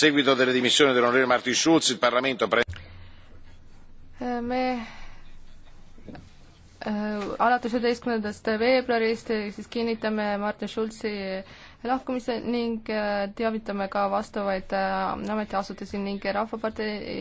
seguito delle dimissioni dell'on. martin schulz il parlamento pre- me eh, alates üheteistkümnendast veebruarist eh, siis kinnitame Martin Schulzi eh, lahkumise ning teavitame ka vastavaid ametiasutusi ning Rahvapartei